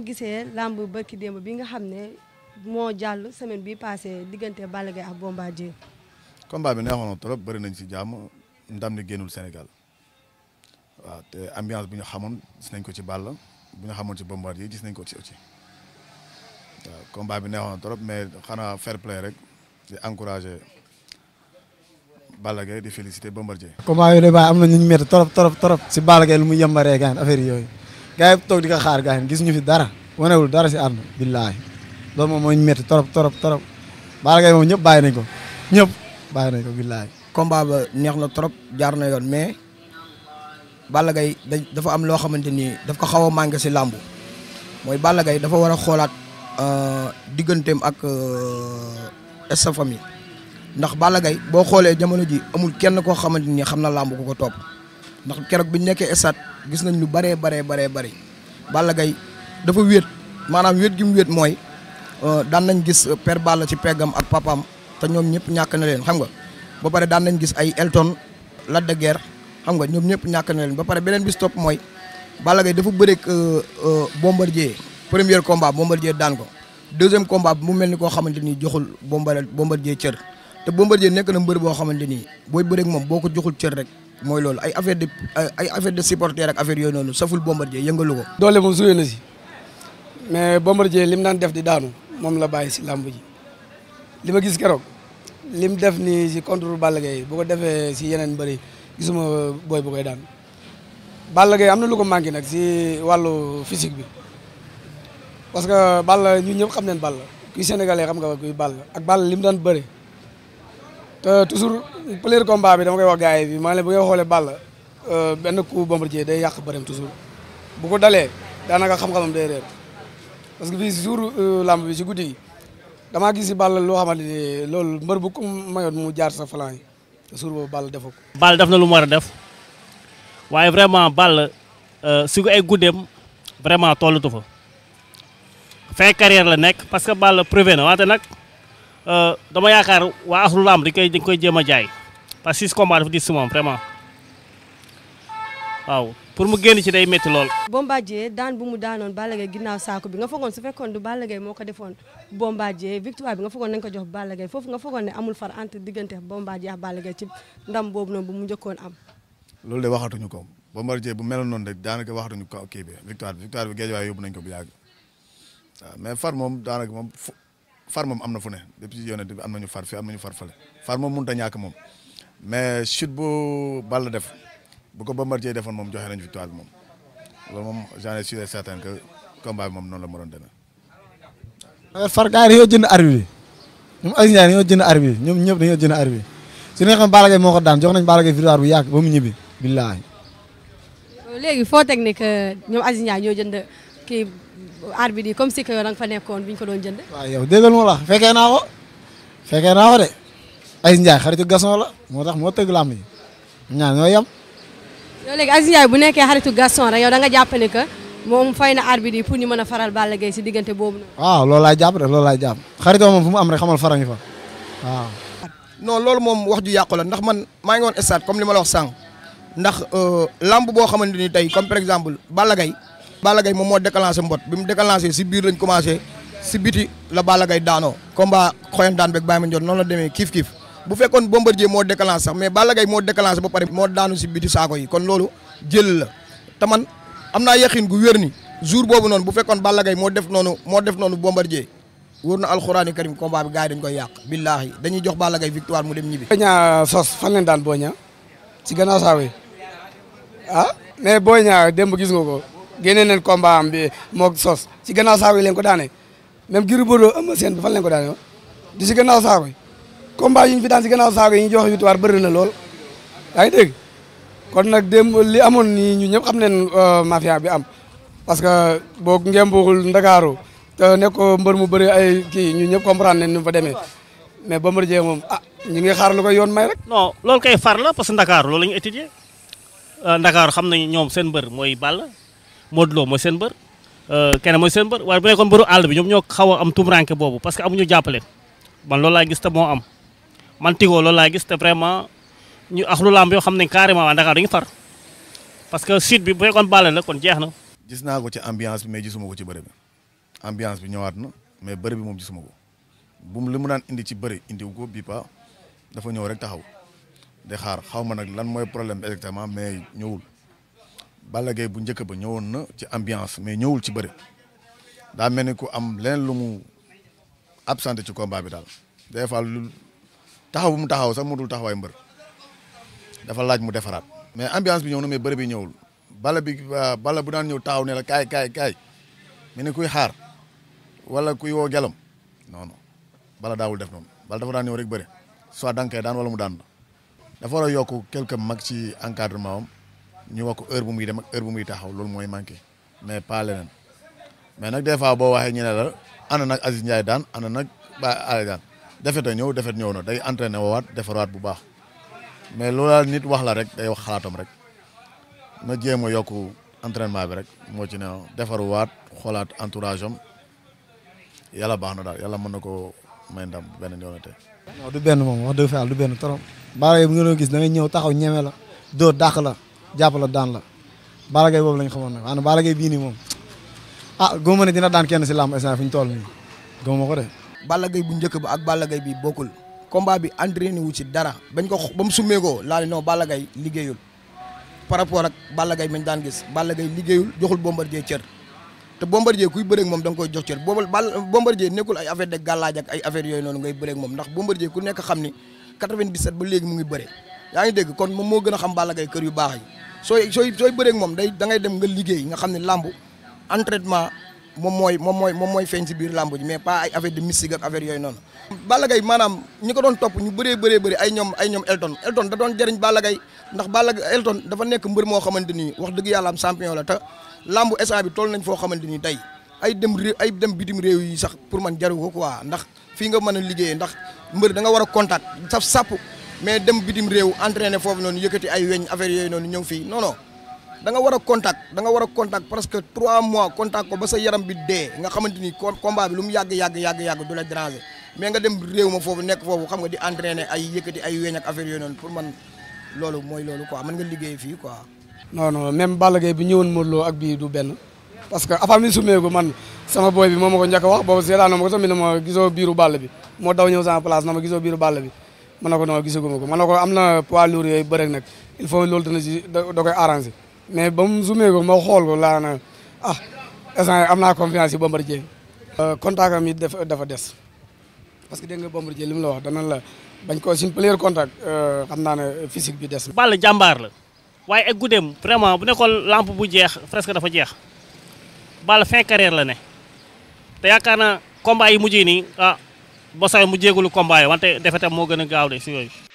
noo gisee làmb bëkki démb bi nga xam ne moo jàll semaine bi passé diggante Balla Gaye ak Bombardier combat bi neexoon na trop bëri nañ ci jàmm ndam ni génnul Sénégal waaw te ambiance bu ñu xamoon gis nañ ko ci Balla bu ñu xamoon ci Bombardier gis nañ ko ci aussi waaw bi neexoon na trop mais xanaa fair play rek di encourager Balla Gaye di féliciter Bombardier combat yooyu la baax am na ñu metti trop trop trop si Balla Gaye lu mu yembaree kaan affaire yooyu gars yi toog di ko xaar gars yi gis ñu fi dara wanewul dara si àdduna billaahi loolu moom mooy ñu metti trop trop trop Balla Gaye moom ñëpp bàyyi nañ ko ñëpp bàyyi nañ ko billaahi combat ba neex na trop jaar na yoon mais Balla Gaye dafa am loo xamante ni daf ko xaw a manqué si làmb mooy Balla Gaye dafa war a xoolaat euh, digganteem ak euh, sa famille ndax Balla Gaye boo xoolee jamono ji amul kenn koo xamante ni xam na làmb ku ko topp ndax keroog bi ñu nekkee stade gis nañ lu baree baree baree bëri Balla Gaye dafa wéet maanaam wéet gi mu wéet mooy euh, daan nañ gis euh, per Balla ci peggam ak papam te ñoom ñëpp ñàkk na leen xam nga ba pare daan nañ gis ay Elton la de xam nga ñoom ñëpp ñàkk na leen ba pare beneen bis topp mooy Balla Gaye dafa bëreeg euh, Bombardier premier combat Bombardier daan ko deuxième combat bi mu mel ni koo xamante ni joxul Bombardier Bombardier cër te Bombardier nekk na mbër boo xamante ni booy bëreeg moom boo ko joxul cër rek mooy loolu ay affaire de ay affaire de supporter ak affaire yooyu noonu saful Bombardier yëngalu ko. doole moom suyee na si mais Bombardier lim daan def di daanu moom la bàyyi si làmb ji li ma gis keroog lim def ni si contre Balla Gaye bu ko defee si yeneen bëri gisuma booy bu daan Balla Gaye am na lu ko manqué nag si wàllu physique bi parce que Balla ñun ñëpp xam nañ Balla kuy sénégalais xam nga kuy Balla ak Balla lim daan bëri. te toujours premier combat bi dama koy wax gars yi bi maa ne bu ngay xoolee Balla euh, benn coup bombardier day yàq bëreem toujours bu ko dalee daanaka xam-xamam day réer parce que fii si jour euh, lamb bi si guddi gi damaa gis si Balla loo xamante ni loolu mbër bu ko mayoon mu jaar sa flanc yi te boobu Balla defoo ko. def na lu mu war a def waaye vraiment ball euh, si ay guddeem vraiment tollatu fa fin carrière la nekk parce que Balla privé nag. Euh, dama yaakaar waa axlu lamb dañ koy dañ koy jéem a jaay parce que six combats dafa dis si moom vraiment waaw pour mu génn ci day métti lool. Bombardier daan bu mu daanoon Balla Gaye ginnaaw saako bi nga foogoon su fekkoon du Balla Gaye moo ko defoon Bombardier victoire bi nga foogoon nañ jox Balla Gaye foofu nga foogoon ne amul far entre diggante Bombardier ak Balla Gaye ci ndam boobu noonu bu mu jëkkoon am. loolu de waxatuñu ko Bombardier bu meloon noonu rek waxatuñu ko kii bi victoire bi victoire bi géej waaye yóbbu nañ ko bu yàgg waaw far moom am na fu ne depuis yonent bi am nañu far fi am nañu far fale far moom mënut a ñàkk moom mais chute bu Balla def bu ko Bombardier defoon moom joxe nañu fi bi moom loolu moom j'en ai sûr et moom noonu la ma doon demee. Euh, far gars yoo dañoo jënd arbitre ñoom Aziz Ndiaye dañoo jënd arbitre ñoom ñëpp dañoo jënd arbitre su ñu xam Balla Gaye moo ko daan jox nañu Balla Gaye victoire bu yàgg ba mu ñibbi billaahi. léegi foo teg ne que ñoom Aziz Ndiaye arbitre comme si que yow da fa nekkoon bi ñu ko doon jënd. waaw yow déggal moo la fekkee naa ko fekkee naa ko de Aziz Ndiaye xaritu Gaston la moo tax moo tëgg làmb yi ñaar ñoo yem. yow léegi Aziz bu nekkee xaritu Gaston rek yow da nga jàpp ne que moom na arbitre yi pour ñu a faral Balla Gaye si diggante boobu noonu. waaw loolu laay jàpp rek loolu laay jàpp xaritoo fa waaw. non loolu moom wax ju yàqu la ndax man maa ngi woon stade li ma la wax sànq ndax euh, làmb boo xamante ni tey comme par exemple Balla Gaye Balla Gaye moom moo déclenché mbot bi mu déclenché si biir lañ commencé si biti la Balla Gaye daanoo combat xoyantaan beeg Baye Mandione noonu la demee kiif kiif bu fekkoon Bombardier moo déclenché sax mais Balla Gaye moo déclenché ba pare moo daanu si biti saako yi kon loolu jël la te man am naa yaqin gu wér ni jour boobu noonu bu fekkoon Balla Gaye moo def noonu moo def noonu Bombardier wóor na alxuraani karim combat bi gars yi dañ koy yàq billaahi dañuy jox Balla Gaye victoire mu dem ñibbi. Boña sos euh, fan leen daan Boña ci gannaaw saa ah mais Boña démb gis nga ko. génne nañ combat am moo moog sos si gannaaw saako yi leen ko daane même Gris Bordeaux Eumeu Sène bi fan leen ko daane woon di si gannaaw saako yi combat yi ñu fi daan si gannaaw saako yi ñu joxe victoire bëri na lool yaa ngi dégg kon nag démb li amoon nii ñu ñëpp xam nañ euh, mafia bi am parce que boo ngembuxul Ndakaaru te nekkoo mbër mu bëri ay kii ñu ñëpp comprendre nañ ni mu fa demee mais Bombardier moom ah ñu ngi xaar lu koy yoon may rek. non loolu kay far la parce que Ndakaaru la ñu étudier euh, Ndakaaru xam nañ ñoom seen mbër mooy Balla moo Lo mooy seen mbër euh, keneen mooy seen mbër waaye bu nekkoon mbëru àll bi ñoom ñoo xaw a am tumuranke boobu parce que amuñu jàppale man loolu laa gis te moo am man Tigo loolu laa gis te vraiment ñu ak lu lamb yoo xam ne carrément waa Dakar dañu far parce que sud bi bu fekkoon bàlle la kon jeex na. gis naa ko ci ambiance bi mais gisuma ko ci bëre bi ambiance bi ñëwaat na mais bëre bi moom gisuma ko bu mu li mu daan indi ci bëre indiwu ko bii pa dafa ñëw rek taxaw di xaar xaw ma nag lan mooy problème bi exactement mais ñëwul. Balla Gaye bu njëkk ba ñëwoon na ci ambiance mais ñëwul ci bëri daa mel ni ku am leneen lu mu absenté ci combat bi daal des fois lu taxaw bu mu taxaw sax mu dul taxawaay mbër dafa laaj mu defaraat. mais ambiance bi ñëw na mais bëri ñëwul bala bi euh, bala bu daan ñëw taxaw ne la kaay kaay kaay mu ne kuy xaar wala kuy woo gelam non non bala daawul def noonu bala dafa daan ñëw rek bëri soit daan koy daan wala mu daan dafa war yokk quelque mag ci encadrement am. ñu wax heure bu muy dem ak heure taxaw loolu mooy manqué mais pas leneen mais nag des fois boo waxee ñu ne la ana nag Aziz Ndiaye daan ana nag ba ale daan defet a ñëw defet ñëw na day entraîné waat defaraat bu baax mais loolaa nit wax la rek day wax rek ma jéem a yokk entraînement bi rek moo ci ne defaruwaat xoolaat entourage am yàlla baax na daal yàlla mën na ko may ndam benn yoonate. non du benn moom wax dëgg fa du benn trop. baara yi bu nga doon gis ñëw taxaw ñeme la dóor la. jàppala daan la Balla Gaye boobu lañ xamoon nag maanaam Balla Gaye bii nii moom ah góob ne dina daan kenn si làmb instant fi ñu toll nii góob ma ko de. Balla Gaye bu njëkk ba ak Balla Gaye bi bokkul combat bi entraîné wu ci dara bañ ko ba mu summee ko laa ne non Balla Gaye liggéeyul par rapport ak Balla Gaye mañ daan gis Balla Gaye liggéeyul joxul Bombardier cër te Bombardier kuy bëreeg moom da nga koy jox cër boobal Balla Bombardier nekkul ay affaire de gàllaaj ak ay yooyu noonu ngay bëreeg mu ngi bëre yaa ngi dégg kon moom moo gën a xam Balla Gaye kër yu yi sooy sooy sooy bëreeg moom day dangay ngay dem nga liggéey nga xam ne làmb entraînement moom mooy moom mooy moom mooy feeñ si biir lamb ji mais pas ay affaire de mystique ak affaire yooyu noonu. Balla Gaye maanaam ñi ko doon topp ñu bëree bëree bëri ay ñoom ay ñoom Elton Elton da doon jëriñ Balla Gaye ndax Balla dafa nekk mbër moo xamante ni wax dëgg yàlla am champion la te làmb SA bi toll nañ foo xamante ni tey ay dem réew ay dem bitim réew yi sax pour man jaru ko quoi ndax fii nga mën a liggéey ndax mbër danga nga war a contact saf sàpp mais dem bitim réew entraîner foofu noonu yëkkati ay weñ affaire yooyu noonu ñëw fii non non da nga war a contact da nga war a contact parce que trois mois contact ko ba sa yaram bi dee nga xamante ni combat bi mu yàgg yàgg yàgg yàgg du la déranger mais nga dem réew ma nga di entraîner ay yëkkati ay weñ ak affaire yooyu noonu pour man loolu mooy loolu quoi mën nga liggéey fii quoi. non non même Balla Gaye bi ñëwoon Modou ak bii du benn parce que avant mi sumeeku man sama boy bi moo ma ko njëkk a wax boobu seetaan na ma ko tamit ne gisoo biiru bàll bi moo daw ñëw sama place na ma mën na ko non ko mën ko am na poids lourd yooyu bëri nag il faut loolu dana ci da arangé arrangé mais ba mu zoomé ko ma xool ko laa na ah instant am naa confiance yi Bombardier euh, contact am mi dafa dafa des parce que dégg nga Bombardier li lim la wax dana la bañ ko suñ premier contact euh, xam naa ne physique bi des na. Balla jàmbaar la waaye ak guddeem vraiment bu nekkoon lampe bu jeex presque dafa jeex Balla fin carrière la ne te yaakaar naa combat yi mujj nii ah, ba saay mu jéegulu combat yi wante defete moo gën gaaw de si yooyu